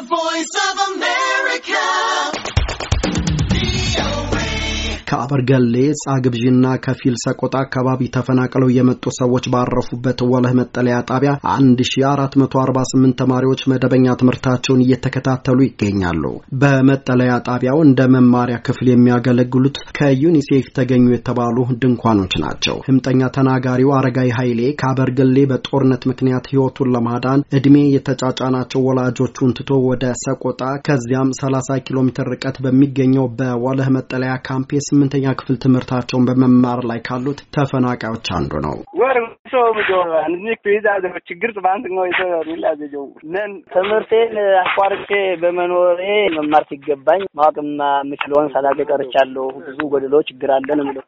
The Voice of a man. ከአበርገሌ ግብዥና ከፊል ሰቆጣ አካባቢ ተፈናቅለው የመጡ ሰዎች ባረፉበት ወለህ መጠለያ ጣቢያ 1448 ተማሪዎች መደበኛ ትምህርታቸውን እየተከታተሉ ይገኛሉ። በመጠለያ ጣቢያው እንደ መማሪያ ክፍል የሚያገለግሉት ከዩኒሴፍ ተገኙ የተባሉ ድንኳኖች ናቸው። ህምጠኛ ተናጋሪው አረጋይ ኃይሌ ከአበርገሌ በጦርነት ምክንያት ህይወቱን ለማዳን እድሜ የተጫጫናቸው ወላጆቹን ትቶ ወደ ሰቆጣ ከዚያም 30 ኪሎ ሜትር ርቀት በሚገኘው በወለህ መጠለያ ካምፕ። የስምንተኛ ክፍል ትምህርታቸውን በመማር ላይ ካሉት ተፈናቃዮች አንዱ ነው። ትምህርቴን አቋርጬ በመኖሬ መማር ሲገባኝ ማወቅም የምችለውን ሳላገ ቀርቻለሁ። ብዙ ጎደሎ ችግር አለን ምለ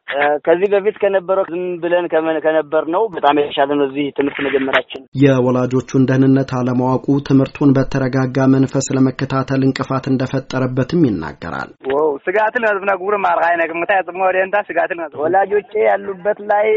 ከዚህ በፊት ከነበረው ዝም ብለን ከነበር ነው በጣም የተሻለ ነው እዚህ ትምህርት መጀመራችን። የወላጆቹን ደህንነት አለማወቁ ትምህርቱን በተረጋጋ መንፈስ ለመከታተል እንቅፋት እንደፈጠረበትም ይናገራል። ስጋትን ህዝብነ ጉር ማርካይ ነግ ምታ ጽሞ ወደንታ ስጋትን ህዝብ ወላጆቼ ያሉበት ላይ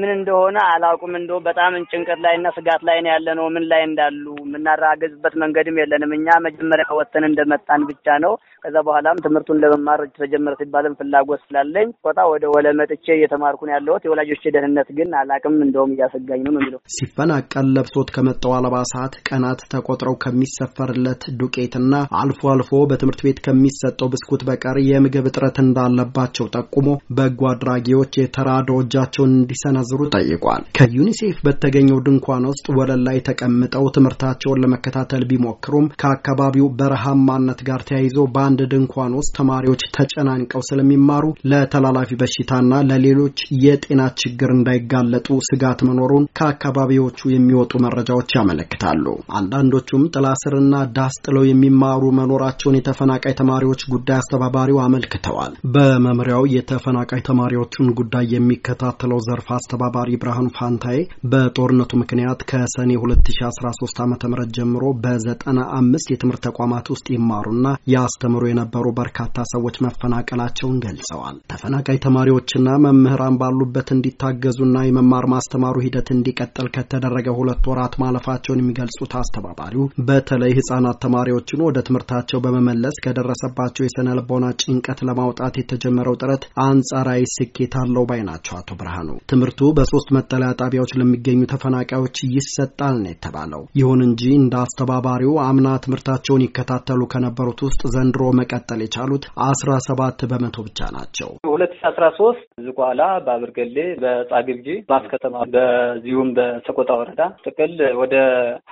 ምን እንደሆነ አላውቁም። እንደ በጣም ጭንቀት ላይ እና ስጋት ላይ ነው ያለ ነው። ምን ላይ እንዳሉ የምናራገዝበት መንገድም የለንም። እኛ መጀመሪያ ወጥተን እንደመጣን ብቻ ነው። ከዛ በኋላም ትምህርቱን ለመማር ተጀመረ ሲባልም ፍላጎት ስላለኝ ቆጣ ወደ ወለመጥቼ እየተማርኩ ነው ያለሁት። የወላጆቼ ደህንነት ግን አላቅም። እንደውም እያሰጋኝ ነው ነው የሚለው ሲፈናቀል ለብሶት ከመጣው አልባሳት ቀናት ተቆጥረው ከሚሰፈርለት ዱቄትና አልፎ አልፎ በትምህርት ቤት ከሚሰጠው ብስኩት በቀር የምግብ እጥረት እንዳለባቸው ጠቁሞ በጎ አድራጊዎች የተራድኦ እጃቸውን እንዲሰነዝሩ ጠይቋል። ከዩኒሴፍ በተገኘው ድንኳን ውስጥ ወለል ላይ ተቀምጠው ትምህርታቸውን ለመከታተል ቢሞክሩም ከአካባቢው በረሃማነት ጋር ተያይዞ በአንድ ድንኳን ውስጥ ተማሪዎች ተጨናንቀው ስለሚማሩ ለተላላፊ በሽታና ለሌሎች የጤና ችግር እንዳይጋለጡ ስጋት መኖሩን ከአካባቢዎቹ የሚወጡ መረጃዎች ያመለክታሉ። አንዳንዶቹም ጥላ ስርና ዳስ ጥለው የሚማሩ መኖራቸውን የተፈናቃይ ተማሪዎች ጉዳይ አስተባባሪው አመልክተዋል። በመምሪያው የተፈናቃይ ተማሪዎችን ጉዳይ የሚከታተለው ዘርፍ አስተባባሪ ብርሃኑ ፋንታዬ በጦርነቱ ምክንያት ከሰኔ 2013 ዓ ም ጀምሮ በዘጠና አምስት የትምህርት ተቋማት ውስጥ ይማሩና ያስተምሩ የነበሩ በርካታ ሰዎች መፈናቀላቸውን ገልጸዋል። ተፈናቃይ ተማሪዎችና መምህራን ባሉበት እንዲታገዙና የመማር ማስተማሩ ሂደት እንዲቀጥል ከተደረገ ሁለት ወራት ማለፋቸውን የሚገልጹት አስተባባሪው በተለይ ህጻናት ተማሪዎችን ወደ ትምህርታቸው በመመለስ ከደረሰባቸው የስነ ልቦና ጭንቀት ለማውጣት የተጀመረው ጥረት አንጻራዊ ስኬት አለው ባይ ናቸው አቶ ብርሃኑ። ትምህርቱ በሶስት መጠለያ ጣቢያዎች ለሚገኙ ተፈናቃዮች ይሰጣል ነው የተባለው። ይሁን እንጂ እንደ አስተባባሪው አምና ትምህርታቸውን ይከታተሉ ከነበሩት ውስጥ ዘንድሮ መቀጠል የቻሉት አስራ ሰባት በመቶ ብቻ ናቸው። ሁለት ሺ አስራ ሶስት ዝቋላ፣ ባብርገሌ፣ በጻግብጂ፣ ማስከተማ በዚሁም በሰቆጣ ወረዳ ጥቅል ወደ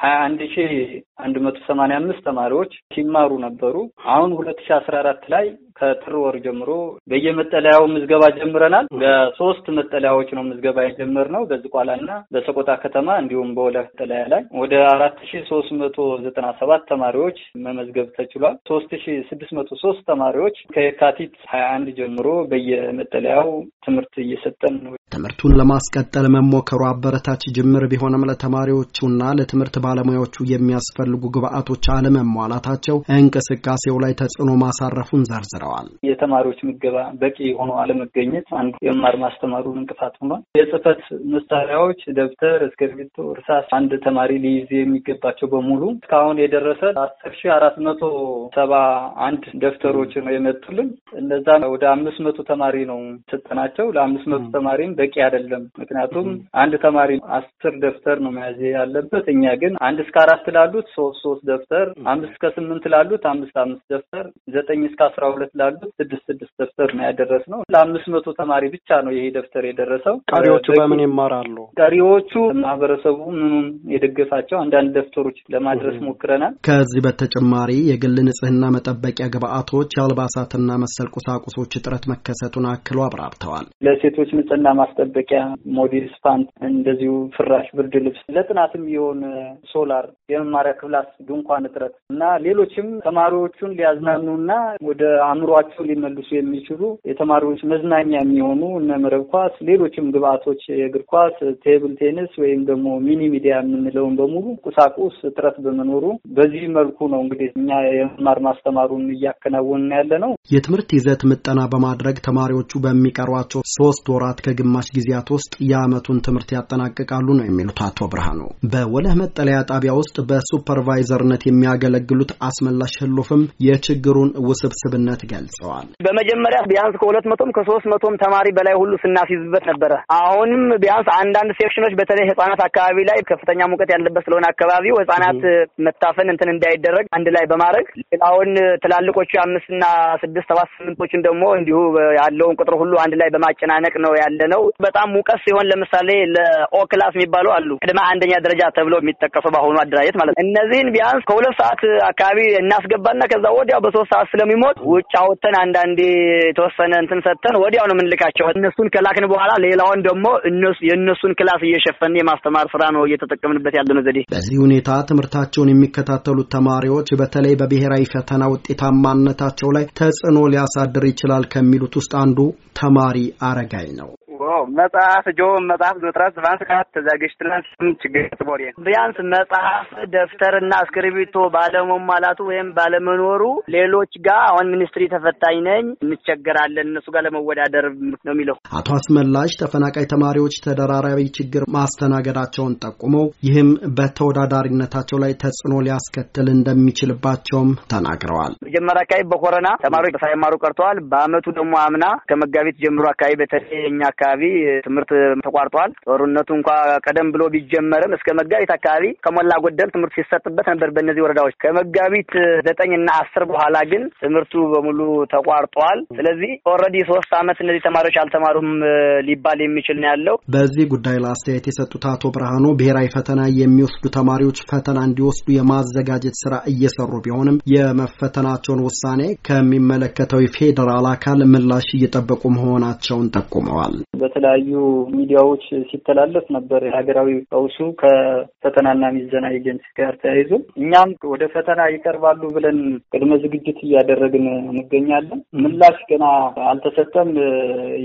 ሀያ አንድ ሺ አንድ መቶ ሰማኒያ አምስት ተማሪዎች ሲማሩ ነበሩ። አሁን ሁለት ሺ አስራ አራት ላይ ከጥር ወር ጀምሮ በየመጠለያው ምዝገባ ጀምረናል። በሶስት መጠለያዎች ነው ምዝገባ የጀመርነው በዝቋላና በሰቆጣ ከተማ እንዲሁም በወለ መጠለያ ላይ ወደ አራት ሺ ሶስት መቶ ዘጠና ሰባት ተማሪዎች መመዝገብ ተችሏል። ሶስት ሺ ስድስት መቶ ሶስት ተማሪዎች ከየካቲት ሀያ አንድ ጀምሮ በየመጠለያው ትምህርት እየሰጠን ነው ትምህርቱን ለማስቀጠል መሞከሩ አበረታች ጅምር ቢሆንም ለተማሪዎቹና ለትምህርት ባለሙያዎቹ የሚያስፈልጉ ግብአቶች አለመሟላታቸው እንቅስቃሴው ላይ ተጽዕኖ ማሳረፉን ዘርዝረዋል። የተማሪዎች ምገባ በቂ ሆኖ አለመገኘት አንዱ የመማር ማስተማሩን እንቅፋት ሆኗል። የጽህፈት መሳሪያዎች ደብተር፣ እስክርቢቶ፣ እርሳስ አንድ ተማሪ ሊይዝ የሚገባቸው በሙሉ እስካሁን የደረሰ አስር ሺ አራት መቶ ሰባ አንድ ደብተሮች ነው የመጡልን። እነዛ ወደ አምስት መቶ ተማሪ ነው ስጠናቸው ለአምስት መቶ ተማሪም በቂ አይደለም። ምክንያቱም አንድ ተማሪ አስር ደብተር ነው መያዝ ያለበት። እኛ ግን አንድ እስከ አራት ላሉት ሶስት ሶስት ደብተር፣ አምስት እስከ ስምንት ላሉት አምስት አምስት ደብተር፣ ዘጠኝ እስከ አስራ ሁለት ላሉት ስድስት ስድስት ደብተር ነው ያደረስ ነው። ለአምስት መቶ ተማሪ ብቻ ነው ይሄ ደብተር የደረሰው። ቀሪዎቹ በምን ይማራሉ? ቀሪዎቹ ማህበረሰቡ ምኑም የደገፋቸው አንዳንድ ደብተሮች ለማድረስ ሞክረናል። ከዚህ በተጨማሪ የግል ንጽህና መጠበቂያ ግብአቶች፣ የአልባሳትና መሰል ቁሳቁሶች እጥረት መከሰቱን አክሎ አብራርተዋል። ለሴቶች ንጽህና ማስጠበቂያ፣ ሞዴስ ፓንት፣ እንደዚሁ ፍራሽ፣ ብርድ ልብስ፣ ለጥናትም የሆነ ሶላር፣ የመማሪያ ክላስ ድንኳን እጥረት እና ሌሎችም ተማሪዎቹን ሊያዝናኑና ወደ አእምሯቸው ሊመልሱ የሚችሉ የተማሪዎች መዝናኛ የሚሆኑ እነ መረብ ኳስ፣ ሌሎችም ግብአቶች የእግር ኳስ፣ ቴብል ቴኒስ ወይም ደግሞ ሚኒ ሚዲያ የምንለውን በሙሉ ቁሳቁስ እጥረት በመኖሩ በዚህ መልኩ ነው እንግዲህ እኛ የመማር ማስተማሩን እያከናወንን ያለ ነው። የትምህርት ይዘት ምጠና በማድረግ ተማሪዎቹ በሚቀሯቸው ሶስት ወራት ከግማ በግማሽ ጊዜያት ውስጥ የዓመቱን ትምህርት ያጠናቅቃሉ ነው የሚሉት አቶ ብርሃኑ። በወለህ መጠለያ ጣቢያ ውስጥ በሱፐርቫይዘርነት የሚያገለግሉት አስመላሽ ህሉፍም የችግሩን ውስብስብነት ገልጸዋል። በመጀመሪያ ቢያንስ ከሁለት መቶም ከሶስት መቶም ተማሪ በላይ ሁሉ ስናስይዝበት ነበረ። አሁንም ቢያንስ አንዳንድ ሴክሽኖች በተለይ ህጻናት አካባቢ ላይ ከፍተኛ ሙቀት ያለበት ስለሆነ አካባቢው ህጻናት መታፈን እንትን እንዳይደረግ አንድ ላይ በማድረግ ሌላውን ትላልቆቹ አምስትና ስድስት ሰባት ስምንቶችን ደግሞ እንዲሁ ያለውን ቁጥር ሁሉ አንድ ላይ በማጨናነቅ ነው ያለ ነው። በጣም ሙቀት ሲሆን ለምሳሌ ለኦክላስ የሚባሉ አሉ ቅድመ አንደኛ ደረጃ ተብሎ የሚጠቀሱ በአሁኑ አደራጀት ማለት ነው። እነዚህን ቢያንስ ከሁለት ሰዓት አካባቢ እናስገባና ከዛ ወዲያው በሶስት ሰዓት ስለሚሞት ውጭ አውጥተን አንዳንዴ የተወሰነ እንትን ሰጥተን ወዲያው ነው የምንልካቸው። እነሱን ከላክን በኋላ ሌላውን ደግሞ የእነሱን ክላስ እየሸፈን የማስተማር ስራ ነው እየተጠቀምንበት ያለነው ዘዴ። በዚህ ሁኔታ ትምህርታቸውን የሚከታተሉት ተማሪዎች በተለይ በብሔራዊ ፈተና ውጤታማነታቸው ላይ ተጽዕኖ ሊያሳድር ይችላል ከሚሉት ውስጥ አንዱ ተማሪ አረጋይ ነው። መጽሐፍ ጆን መጽሐፍ ዘጥራት ቫንስ ካት ተዛግሽ ስም ችግር ጽቦሬ ቢያንስ መጽሐፍ ደብተርና እስክሪብቶ ባለመሟላቱ ወይም ባለመኖሩ ሌሎች ጋር አሁን ሚኒስትሪ ተፈታኝ ነኝ እንቸገራለን እነሱ ጋር ለመወዳደር ነው የሚለው አቶ አስመላሽ ተፈናቃይ ተማሪዎች ተደራራቢ ችግር ማስተናገዳቸውን ጠቁመው ይህም በተወዳዳሪነታቸው ላይ ተጽዕኖ ሊያስከትል እንደሚችልባቸውም ተናግረዋል። መጀመሪያ አካባቢ በኮረና ተማሪዎች ሳይማሩ ቀርተዋል። በአመቱ ደግሞ አምና ከመጋቢት ጀምሮ አካባቢ በተለይ አካባቢ እንግዲህ ትምህርት ተቋርጧል። ጦርነቱ እንኳ ቀደም ብሎ ቢጀመርም እስከ መጋቢት አካባቢ ከሞላ ጎደል ትምህርት ሲሰጥበት ነበር በእነዚህ ወረዳዎች። ከመጋቢት ዘጠኝ እና አስር በኋላ ግን ትምህርቱ በሙሉ ተቋርጧል። ስለዚህ ኦልሬዲ ሶስት አመት እነዚህ ተማሪዎች አልተማሩም ሊባል የሚችል ነው ያለው። በዚህ ጉዳይ ለአስተያየት የሰጡት አቶ ብርሃኑ ብሔራዊ ፈተና የሚወስዱ ተማሪዎች ፈተና እንዲወስዱ የማዘጋጀት ስራ እየሰሩ ቢሆንም የመፈተናቸውን ውሳኔ ከሚመለከተው የፌዴራል አካል ምላሽ እየጠበቁ መሆናቸውን ጠቁመዋል። በተለያዩ ሚዲያዎች ሲተላለፍ ነበር። የሀገራዊ ቀውሱ ከፈተናና ሚዘና ኤጀንሲ ጋር ተያይዞ እኛም ወደ ፈተና ይቀርባሉ ብለን ቅድመ ዝግጅት እያደረግን እንገኛለን። ምላሽ ገና አልተሰጠም።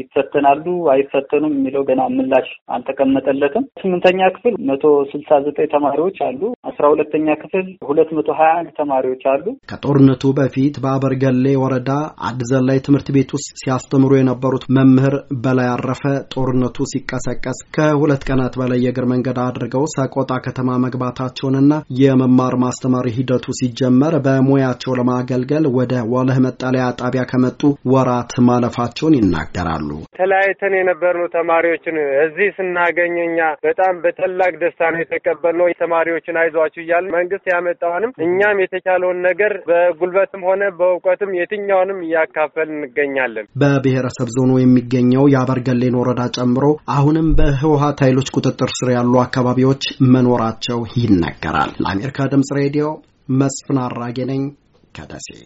ይፈተናሉ አይፈተኑም የሚለው ገና ምላሽ አልተቀመጠለትም። ስምንተኛ ክፍል መቶ ስልሳ ዘጠኝ ተማሪዎች አሉ። አስራ ሁለተኛ ክፍል ሁለት መቶ ሀያ አንድ ተማሪዎች አሉ። ከጦርነቱ በፊት በአበርገሌ ወረዳ አድዘን ላይ ትምህርት ቤት ውስጥ ሲያስተምሩ የነበሩት መምህር በላይ አረፈ ጦርነቱ ሲቀሰቀስ ከሁለት ቀናት በላይ የእግር መንገድ አድርገው ሰቆጣ ከተማ መግባታቸውንና የመማር ማስተማር ሂደቱ ሲጀመር በሙያቸው ለማገልገል ወደ ወልህ መጠለያ ጣቢያ ከመጡ ወራት ማለፋቸውን ይናገራሉ። ተለያይተን የነበርነው ተማሪዎችን እዚህ ስናገኝ እኛ በጣም በታላቅ ደስታ ነው የተቀበልነው። ተማሪዎችን አይዟችሁ እያለ መንግስት ያመጣውንም እኛም የተቻለውን ነገር በጉልበትም ሆነ በእውቀትም የትኛውንም እያካፈል እንገኛለን። በብሔረሰብ ዞኑ የሚገኘው የአበርገሌ ሰሜን ወረዳ ጨምሮ አሁንም በህወሀት ኃይሎች ቁጥጥር ስር ያሉ አካባቢዎች መኖራቸው ይነገራል። ለአሜሪካ ድምጽ ሬዲዮ መስፍን አራጌ ነኝ ከደሴ።